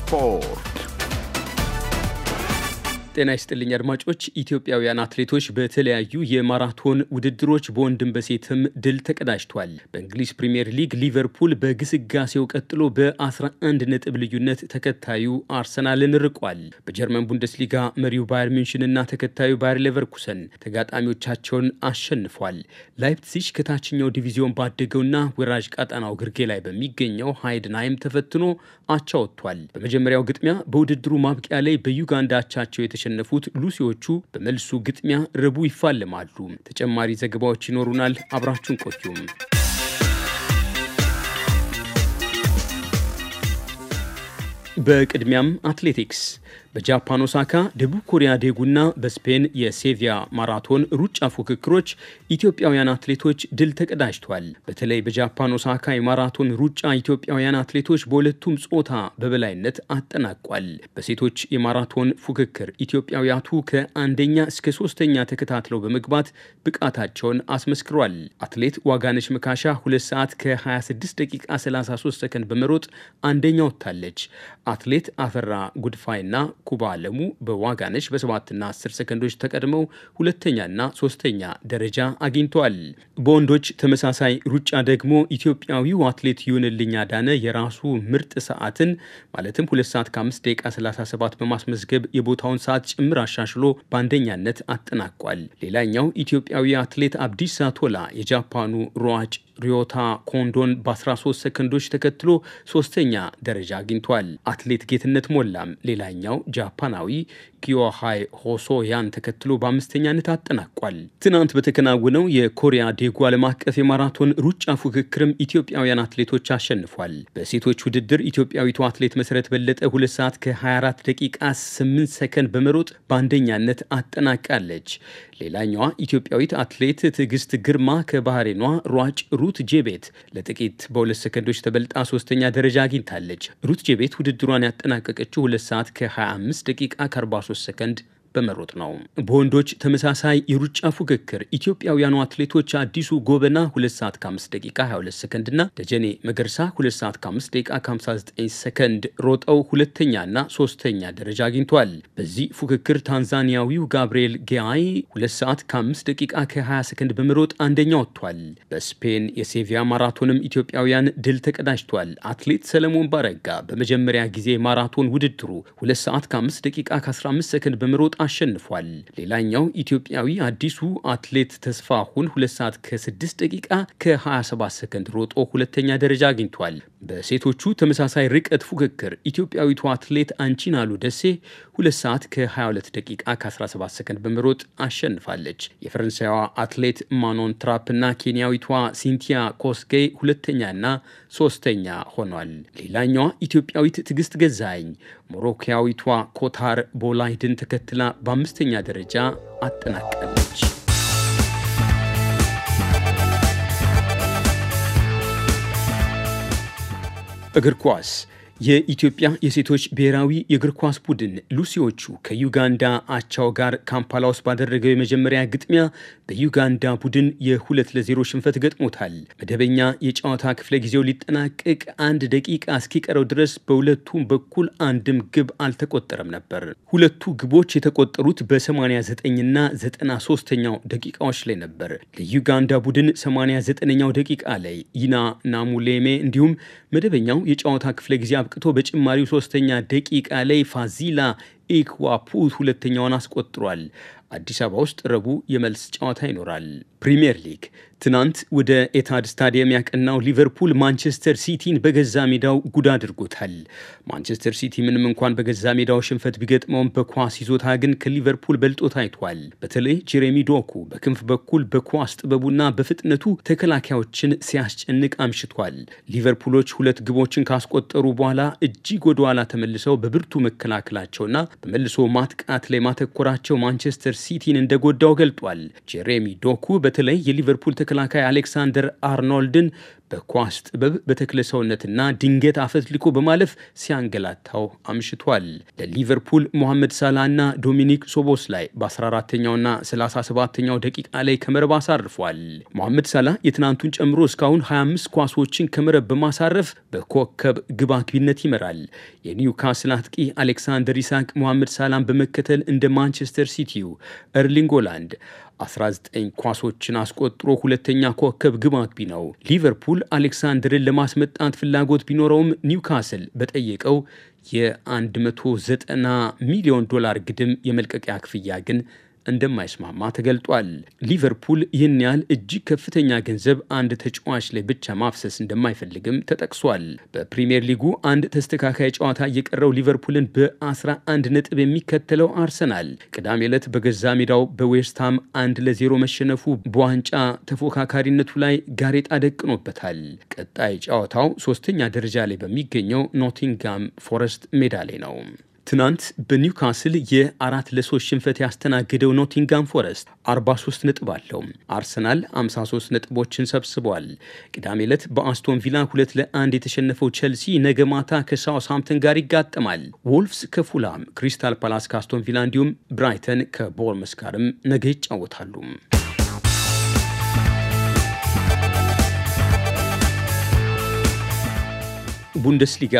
spor. ጤና ይስጥልኝ አድማጮች። ኢትዮጵያውያን አትሌቶች በተለያዩ የማራቶን ውድድሮች በወንድም በሴትም ድል ተቀዳጅቷል። በእንግሊዝ ፕሪምየር ሊግ ሊቨርፑል በግስጋሴው ቀጥሎ በ11 ነጥብ ልዩነት ተከታዩ አርሰናልን ርቋል። በጀርመን ቡንደስሊጋ መሪው ባየር ሚንሽንና ተከታዩ ባየር ሌቨርኩሰን ተጋጣሚዎቻቸውን አሸንፏል። ላይፕሲሽ ከታችኛው ዲቪዚዮን ባደገውና ወራጅ ቀጠናው ግርጌ ላይ በሚገኘው ሃይድናይም ተፈትኖ አቻ ወጥቷል። በመጀመሪያው ግጥሚያ በውድድሩ ማብቂያ ላይ በዩጋንዳ አቻቸው የተሸ ያሸነፉት ሉሲዎቹ በመልሱ ግጥሚያ ረቡዕ ይፋለማሉ። ተጨማሪ ዘገባዎች ይኖሩናል። አብራችሁን ቆዩም። በቅድሚያም አትሌቲክስ በጃፓን ኦሳካ፣ ደቡብ ኮሪያ ዴጉና በስፔን የሴቪያ ማራቶን ሩጫ ፉክክሮች ኢትዮጵያውያን አትሌቶች ድል ተቀዳጅቷል። በተለይ በጃፓን ኦሳካ የማራቶን ሩጫ ኢትዮጵያውያን አትሌቶች በሁለቱም ጾታ በበላይነት አጠናቋል። በሴቶች የማራቶን ፉክክር ኢትዮጵያውያቱ ከአንደኛ እስከ ሶስተኛ ተከታትለው በመግባት ብቃታቸውን አስመስክሯል። አትሌት ዋጋነች መካሻ 2 ሰዓት ከ26 ደቂቃ 33 ሰከንድ በመሮጥ አንደኛ ወጥታለች። አትሌት አፈራ ጉድፋይና ኩባ አለሙ በዋጋነሽ በሰባትና አስር ሰከንዶች ተቀድመው ሁለተኛና ሶስተኛ ደረጃ አግኝቷል። በወንዶች ተመሳሳይ ሩጫ ደግሞ ኢትዮጵያዊው አትሌት ይሁንልኝ አዳነ የራሱ ምርጥ ሰዓትን ማለትም 2 ሰዓት ከ5 ደቂቃ 37 በማስመዝገብ የቦታውን ሰዓት ጭምር አሻሽሎ በአንደኛነት አጠናቋል። ሌላኛው ኢትዮጵያዊ አትሌት አብዲሳ ቶላ የጃፓኑ ሯጭ ሪዮታ ኮንዶን በ13 ሰከንዶች ተከትሎ ሶስተኛ ደረጃ አግኝቷል። አትሌት ጌትነት ሞላም ሌላኛው ጃፓናዊ ኪዮሃይ ሆሶያን ተከትሎ በአምስተኛነት አጠናቋል። ትናንት በተከናወነው የኮሪያ ዴጉ ዓለም አቀፍ የማራቶን ሩጫ ፉክክርም ኢትዮጵያውያን አትሌቶች አሸንፏል። በሴቶች ውድድር ኢትዮጵያዊቱ አትሌት መሰረት በለጠ 2 ሰዓት ከ24 ደቂቃ 8 ሰከንድ በመሮጥ በአንደኛነት አጠናቃለች። ሌላኛዋ ኢትዮጵያዊት አትሌት ትዕግስት ግርማ ከባህሬኗ ሯጭ ሩ ሩት ጄቤት ለጥቂት በሁለት ሰከንዶች ተበልጣ ሶስተኛ ደረጃ አግኝታለች። ሩት ጄቤት ውድድሯን ያጠናቀቀችው ሁለት ሰዓት ከ25 ደቂቃ ከ43 ሰከንድ በመሮጥ ነው። በወንዶች ተመሳሳይ የሩጫ ፉክክር ኢትዮጵያውያኑ አትሌቶች አዲሱ ጎበና 2 ሰዓት ከ5 ደቂቃ 22 ሰከንድ እና ደጀኔ መገርሳ 2 ሰዓት ከ5 ደቂቃ 59 ሰከንድ ሮጠው ሁለተኛና ሶስተኛ ደረጃ አግኝቷል። በዚህ ፉክክር ታንዛኒያዊው ጋብርኤል ጌይ 2 ሰዓት ከ5 ደቂቃ ከ20 ሰከንድ በመሮጥ አንደኛ ወጥቷል። በስፔን የሴቪያ ማራቶንም ኢትዮጵያውያን ድል ተቀዳጅቷል። አትሌት ሰለሞን ባረጋ በመጀመሪያ ጊዜ ማራቶን ውድድሩ 2 ሰዓት ከ5 ደቂቃ ከ15 ሰከንድ በመሮጥ አሸንፏል። ሌላኛው ኢትዮጵያዊ አዲሱ አትሌት ተስፋሁን ሁለት ሰዓት ከ6 ደቂቃ ከ27 ሰከንድ ሮጦ ሁለተኛ ደረጃ አግኝቷል። በሴቶቹ ተመሳሳይ ርቀት ፉክክር ኢትዮጵያዊቱ አትሌት አንቺናሉ ደሴ ሁለት ሰዓት ከ22 ደቂቃ ከ17 ሰከንድ በመሮጥ አሸንፋለች። የፈረንሳይዋ አትሌት ማኖን ትራፕ እና ኬንያዊቷ ሲንቲያ ኮስጌ ሁለተኛና ሶስተኛ ሆኗል። ሌላኛዋ ኢትዮጵያዊት ትዕግስት ገዛኝ ሞሮኪያዊቷ ኮታር ቦላይድን ተከትላ በአምስተኛ ደረጃ አጠናቀለች። እግር ኳስ የኢትዮጵያ የሴቶች ብሔራዊ የእግር ኳስ ቡድን ሉሲዎቹ ከዩጋንዳ አቻው ጋር ካምፓላ ውስጥ ባደረገው የመጀመሪያ ግጥሚያ በዩጋንዳ ቡድን የሁለት ለዜሮ ሽንፈት ገጥሞታል። መደበኛ የጨዋታ ክፍለ ጊዜው ሊጠናቀቅ አንድ ደቂቃ እስኪቀረው ድረስ በሁለቱም በኩል አንድም ግብ አልተቆጠረም ነበር። ሁለቱ ግቦች የተቆጠሩት በ89ና 93ኛው ደቂቃዎች ላይ ነበር። ለዩጋንዳ ቡድን 89ኛው ደቂቃ ላይ ይና ናሙሌሜ እንዲሁም መደበኛው የጨዋታ ክፍለ ጊዜ አብቅቶ በጭማሪው ሶስተኛ ደቂቃ ላይ ፋዚላ ኢክዋፑት ሁለተኛውን አስቆጥሯል። አዲስ አበባ ውስጥ ረቡዕ የመልስ ጨዋታ ይኖራል። ፕሪምየር ሊግ ትናንት ወደ ኤታድ ስታዲየም ያቀናው ሊቨርፑል ማንቸስተር ሲቲን በገዛ ሜዳው ጉድ አድርጎታል። ማንቸስተር ሲቲ ምንም እንኳን በገዛ ሜዳው ሽንፈት ቢገጥመውም በኳስ ይዞታ ግን ከሊቨርፑል በልጦ ታይቷል። በተለይ ጄሬሚ ዶኩ በክንፍ በኩል በኳስ ጥበቡና በፍጥነቱ ተከላካዮችን ሲያስጨንቅ አምሽቷል። ሊቨርፑሎች ሁለት ግቦችን ካስቆጠሩ በኋላ እጅግ ወደኋላ ተመልሰው በብርቱ መከላከላቸውና በመልሶ ማጥቃት ላይ ማተኮራቸው ማንቸስተር ሲቲን እንደጎዳው ገልጧል። ጄሬሚ ዶኩ በተለይ የሊቨርፑል ተከላካይ አሌክሳንደር አርኖልድን በኳስ ጥበብ በተክለ ሰውነትና ድንገት አፈትልኮ በማለፍ ሲያንገላታው አምሽቷል። ለሊቨርፑል ሞሐመድ ሳላና ዶሚኒክ ሶቦስ ላይ በ14ተኛውና 37ተኛው ደቂቃ ላይ ከመረብ አሳርፏል። ሞሐመድ ሳላ የትናንቱን ጨምሮ እስካሁን 25 ኳሶችን ከመረብ በማሳረፍ በኮከብ ግብ አግቢነት ይመራል። የኒውካስል አጥቂ አሌክሳንደር ኢሳቅ ሞሐመድ ሳላን በመከተል እንደ ማንቸስተር ሲቲው ኤርሊንግ ሆላንድ 19 ኳሶችን አስቆጥሮ ሁለተኛ ኮከብ ግብ አግቢ ነው። ሊቨርፑል አሌክሳንድርን ለማስመጣት ፍላጎት ቢኖረውም ኒውካስል በጠየቀው የ190 ሚሊዮን ዶላር ግድም የመልቀቂያ ክፍያ ግን እንደማይስማማ ተገልጧል። ሊቨርፑል ይህን ያህል እጅግ ከፍተኛ ገንዘብ አንድ ተጫዋች ላይ ብቻ ማፍሰስ እንደማይፈልግም ተጠቅሷል። በፕሪምየር ሊጉ አንድ ተስተካካይ ጨዋታ እየቀረው ሊቨርፑልን በ11 ነጥብ የሚከተለው አርሰናል ቅዳሜ ዕለት በገዛ ሜዳው በዌስትሃም አንድ ለዜሮ መሸነፉ በዋንጫ ተፎካካሪነቱ ላይ ጋሬጣ ደቅኖበታል። ቀጣይ ጨዋታው ሶስተኛ ደረጃ ላይ በሚገኘው ኖቲንጋም ፎረስት ሜዳ ላይ ነው። ትናንት በኒውካስል የአራት ለሶስት ሽንፈት ያስተናገደው ኖቲንጋም ፎረስት 43 ነጥብ አለው። አርሰናል 53 ነጥቦችን ሰብስቧል። ቅዳሜ ዕለት በአስቶን ቪላ ሁለት ለአንድ የተሸነፈው ቸልሲ ነገ ማታ ከሳውስሃምፕተን ጋር ይጋጠማል። ወልፍስ ከፉላም፣ ክሪስታል ፓላስ ከአስቶን ቪላ እንዲሁም ብራይተን ከቦርመስ ጋርም ነገ ይጫወታሉ። ቡንደስሊጋ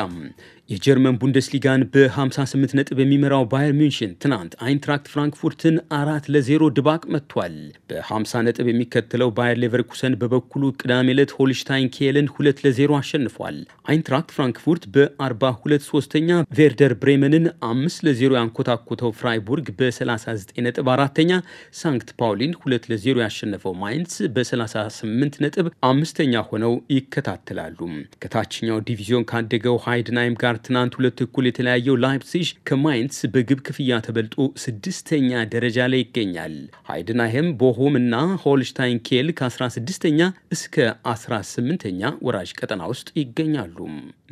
የጀርመን ቡንደስሊጋን በ58 ነጥብ የሚመራው ባየር ሚንሽን ትናንት አይንትራክት ፍራንክፉርትን አራት ለዜሮ ድባቅ መጥቷል። በ50 ነጥብ የሚከተለው ባየር ሌቨርኩሰን በበኩሉ ቅዳሜ ዕለት ሆልሽታይን ኬልን ሁለት ለዜሮ አሸንፏል። አይንትራክት ፍራንክፉርት በ42 ሶስተኛ፣ ቬርደር ብሬመንን አምስት ለዜሮ ያንኮታኮተው ፍራይቡርግ በ39 ነጥብ አራተኛ፣ ሳንክት ፓውሊን ሁለት ለዜሮ ያሸነፈው ማይንስ በ38 ነጥብ አምስተኛ ሆነው ይከታተላሉ። ከታችኛው ዲቪዚዮን ካደገው ሃይድናይም ጋር ትናንት ሁለት እኩል የተለያየው ላይፕሲጅ ከማይንስ በግብ ክፍያ ተበልጦ ስድስተኛ ደረጃ ላይ ይገኛል። ሃይድናሄም፣ ቦሆም እና ሆልሽታይን ኬል ከ16ኛ እስከ 18ኛ ወራጅ ቀጠና ውስጥ ይገኛሉ።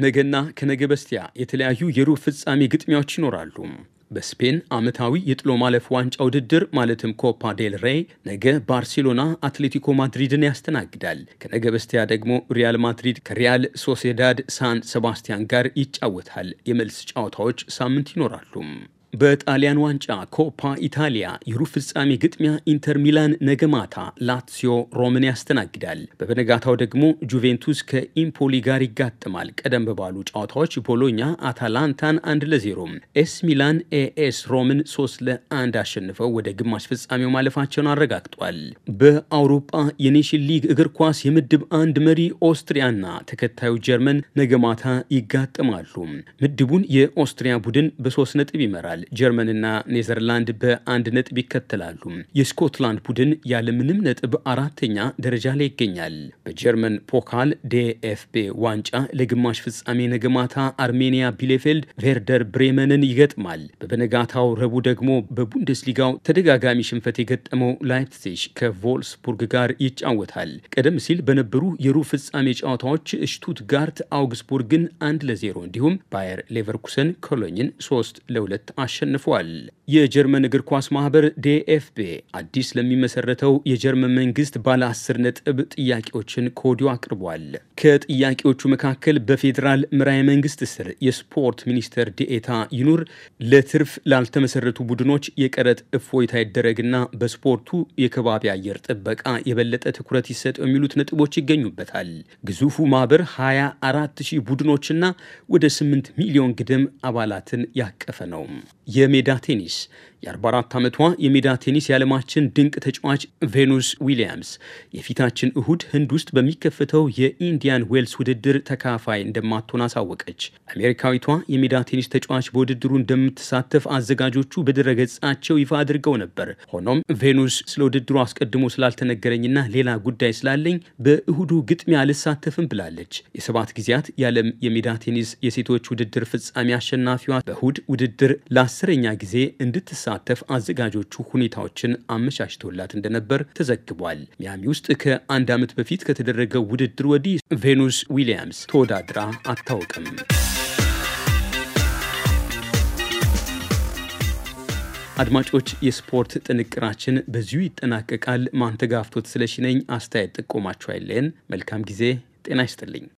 ነገና ከነገ በስቲያ የተለያዩ የሩብ ፍጻሜ ግጥሚያዎች ይኖራሉ። በስፔን ዓመታዊ የጥሎ ማለፍ ዋንጫ ውድድር ማለትም ኮፓ ዴል ሬይ ነገ ባርሴሎና አትሌቲኮ ማድሪድን ያስተናግዳል። ከነገ በስቲያ ደግሞ ሪያል ማድሪድ ከሪያል ሶሴዳድ ሳን ሴባስቲያን ጋር ይጫወታል። የመልስ ጨዋታዎች ሳምንት ይኖራሉም። በጣሊያን ዋንጫ ኮፓ ኢታሊያ የሩብ ፍጻሜ ግጥሚያ ኢንተር ሚላን ነገ ማታ ላትሲዮ ሮምን ያስተናግዳል። በበነጋታው ደግሞ ጁቬንቱስ ከኢምፖሊ ጋር ይጋጥማል። ቀደም ባሉ ጨዋታዎች ቦሎኛ አታላንታን አንድ ለዜሮ፣ ኤስ ሚላን ኤኤስ ሮምን ሶስት ለአንድ አሸንፈው ወደ ግማሽ ፍጻሜው ማለፋቸውን አረጋግጧል። በአውሮፓ የኔሽን ሊግ እግር ኳስ የምድብ አንድ መሪ ኦስትሪያና ተከታዩ ጀርመን ነገ ማታ ይጋጥማሉ። ምድቡን የኦስትሪያ ቡድን በሶስት ነጥብ ይመራል። ጀርመን ጀርመንና ኔዘርላንድ በአንድ ነጥብ ይከተላሉ። የስኮትላንድ ቡድን ያለምንም ነጥብ አራተኛ ደረጃ ላይ ይገኛል። በጀርመን ፖካል ዴኤፍቤ ዋንጫ ለግማሽ ፍጻሜ ነገ ማታ አርሜኒያ ቢሌፌልድ ቬርደር ብሬመንን ይገጥማል። በበነጋታው ረቡዕ ደግሞ በቡንደስሊጋው ተደጋጋሚ ሽንፈት የገጠመው ላይፕሲሽ ከቮልስቡርግ ጋር ይጫወታል። ቀደም ሲል በነበሩ የሩብ ፍጻሜ ጨዋታዎች ሽቱትጋርት አውግስቡርግን አንድ ለዜሮ እንዲሁም ባየር ሌቨርኩሰን ኮሎኝን ሶስት ለሁለት አሸንፏል። የጀርመን እግር ኳስ ማህበር ዴኤፍቤ አዲስ ለሚመሰረተው የጀርመን መንግስት ባለ አስር ነጥብ ጥያቄዎችን ከወዲሁ አቅርቧል። ከጥያቄዎቹ መካከል በፌዴራል ምራይ መንግስት ስር የስፖርት ሚኒስቴር ዴኤታ ይኑር፣ ለትርፍ ላልተመሰረቱ ቡድኖች የቀረጥ እፎይታ ይደረግና በስፖርቱ የከባቢ አየር ጥበቃ የበለጠ ትኩረት ይሰጥ የሚሉት ነጥቦች ይገኙበታል። ግዙፉ ማህበር 24 ሺህ ቡድኖችና ወደ 8 ሚሊዮን ግድም አባላትን ያቀፈ ነው። የሜዳ ቴኒስ የ44 ዓመቷ የሜዳ ቴኒስ የዓለማችን ድንቅ ተጫዋች ቬኑስ ዊሊያምስ የፊታችን እሁድ ህንድ ውስጥ በሚከፈተው የኢንዲያን ዌልስ ውድድር ተካፋይ እንደማትሆን አሳወቀች። አሜሪካዊቷ የሜዳ ቴኒስ ተጫዋች በውድድሩ እንደምትሳተፍ አዘጋጆቹ በድረገጻቸው ይፋ አድርገው ነበር። ሆኖም ቬኑስ ስለ ውድድሩ አስቀድሞ ስላልተነገረኝና ሌላ ጉዳይ ስላለኝ በእሁዱ ግጥሚያ አልሳተፍም ብላለች። የሰባት ጊዜያት የዓለም የሜዳ ቴኒስ የሴቶች ውድድር ፍጻሜ አሸናፊዋ በእሁድ ውድድር ላስ ለአስረኛ ጊዜ እንድትሳተፍ አዘጋጆቹ ሁኔታዎችን አመቻችቶላት እንደነበር ተዘግቧል። ሚያሚ ውስጥ ከአንድ ዓመት በፊት ከተደረገው ውድድር ወዲህ ቬኑስ ዊሊያምስ ተወዳድራ አታውቅም። አድማጮች፣ የስፖርት ጥንቅራችን በዚሁ ይጠናቀቃል። ማንተጋፍቶት ስለሽነኝ አስተያየት ጥቆማችሁ አይለየን። መልካም ጊዜ። ጤና ይስጥልኝ።